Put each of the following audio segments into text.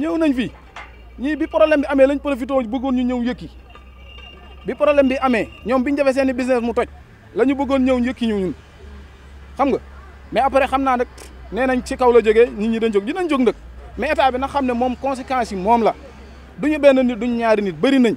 ñëw nañ fi ñii bi problème bi amee lañ profité bëggoon ñu ñëw yëkki bi problème bi amee ñoom bi ñu defee seeni business mu toj lañu ñu bëggoon ñëw yëkki ñu ñun xam nga mais après xam naa nag nee nañ ci kaw la jóge nit ñi dañ jóg nañ jóg nag mais état bi nag xam ne moom conséquences yi moom la du duñu benn nit duñu ñaari nit bëri nañ.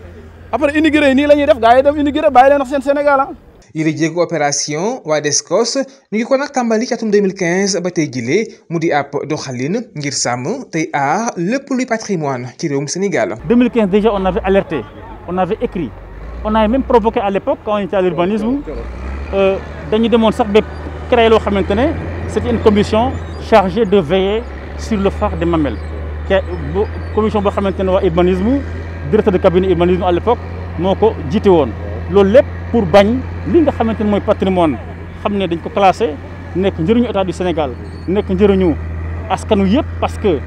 après immigré ni lañuy def gaay dem immigré baye len wax seen Sénégal ah. yile jéegu opération waa DSCOS ni ko nag tàmbali ci atum 2015 ba tay jilé mu di do doxalin ngir sam tay a lepp lu patrimoine ci réewum Sénégal. 2015 déjà on avait alerté on avait écrit on avait même provoqué à l'époque quand on était à l'urbanisme euh, dañu demoon sax bép créé lo se c'est c'était une commission chargée de veiller sur le phare des mamelles qui commission bo xamante wa urbanisme. directeur de cabinet urbanisme à l'époque moo ko jiite woon loolu lépp pour bañ li nga xamante ne mooy patrimoine xam ne dañ ko classé nekk njëriñu état du Sénégal nekk njëriñu askanu yëpp parce que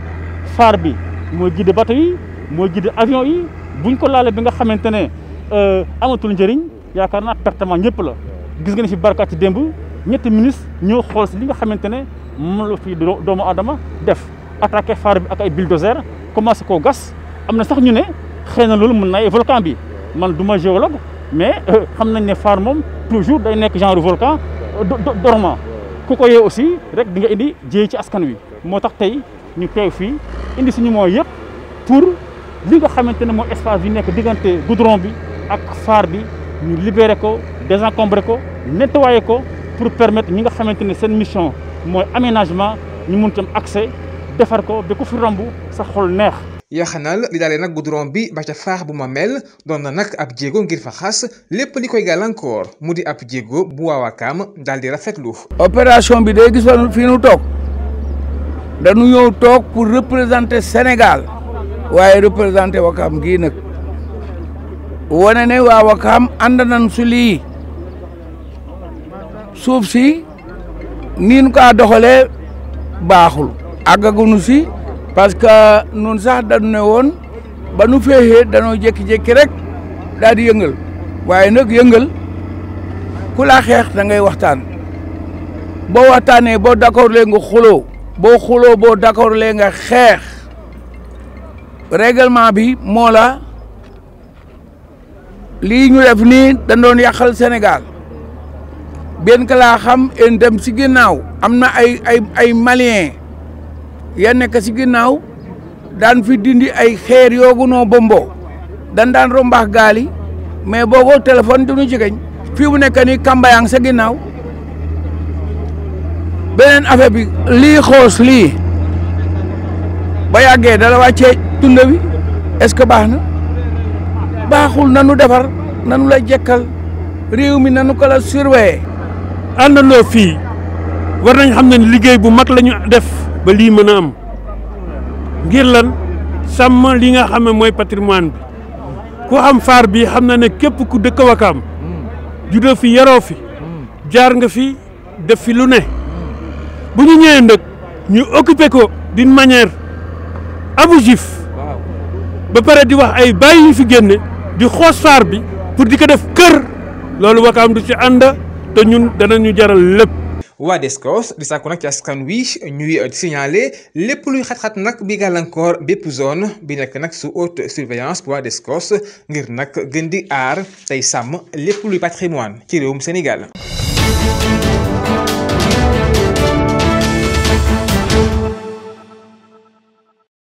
phare bi mooy gidde bateau yi mooy gidde avion yi buñ ko laalee bi nga xamante ne euh, amatul njëriñ yaakaar naa pertement ñëpp la gis nga ne si barkaat ci démb ñetti ministre ñoo xool li nga xamante ne moom la fi doomu aadama def attaqué phare bi ak ay bulldozer commencé koo gas am na sax ñu ne xëy na loolu mën na ay volcan bi man du géologue mais euh, xam nañ ne Far moom toujours day nekk genre volcan euh, dormant ku ko yee aussi rek di nga indi jéey ci askan wi moo tax tey ñu teew fii indi suñu mooy yëpp pour li nga xamante ne mooy espace bi nekk diggante goudron bi ak Far bi ñu libéré ko désencombré ko nettoyer ko pour permettre ñi nga xamante ne seen mission mooy aménagement ñu mun ci accès defar ko ba ku fi romb sa xol neex yaxanal li dalee nag goudron bi ba ca faax bu ma mel doon na nag ab jéego ngir fa xas lépp li koy gàllankoor mu di ab jéego bu waa Wakaam daal di rafetlu. bi day gis fii nu toog dañu ñëw toog pour représenter Sénégal waaye représenter Wakaam gii nag wane ne waa Wakaam ànd nañ su lii suuf si niin kaa doxalee baaxul àggagunu si. parce que nun sax dañu woon ba nu féexee danoo jékki-jékki rek daal di yëngal waaye nag yëngal ku laa xeex da waxtaan boo waxtaanee boo d'accord nga xuloo boo xuloo boo d'accord lee nga xeex règlement bi moo la lii ñu def nii dañ doon yàqal Sénégal benn ka laa xam en dem si ginnaaw am na ay ay ay ya nek dan ginnaaw daan fi dindi ay xeer yogu no bombo dan daan rombax gali mais bogo téléphone duñu jegeñ fi mu nekk nii kambayang sa ginnaaw beneen affaire bi li xoos li ba yàggee dala wacce tunde wi est ce baxna baxul nanu defar nanu la jekal rew mi nanu ko la surveiller àndandoo fi war nañ xamne ne bu lañu def ba li mën sama am ngir lan sam li nga xamé moy patrimoine bi ku am far bi xamna ne képp ku dëkk fi yaro fi jaar nga fi def fi lu ne bu ñu ñëwee nag ñu occuper ko d'une manière abusif ba paré di wax ay bay yi fi génné di xoss far bi pour di ko def kër lolu wakam du ci te ñun jaral lepp waa DSCOS di sàkku nag ci askan wi ñuy signaler lépp luy xat-xat nag bi gàllankoor bépp zone bi nekk nag su haute surveillance bu waa DSCOS ngir nag gën di aar tey sàmm lépp luy patrimoine ci réewum Sénégal.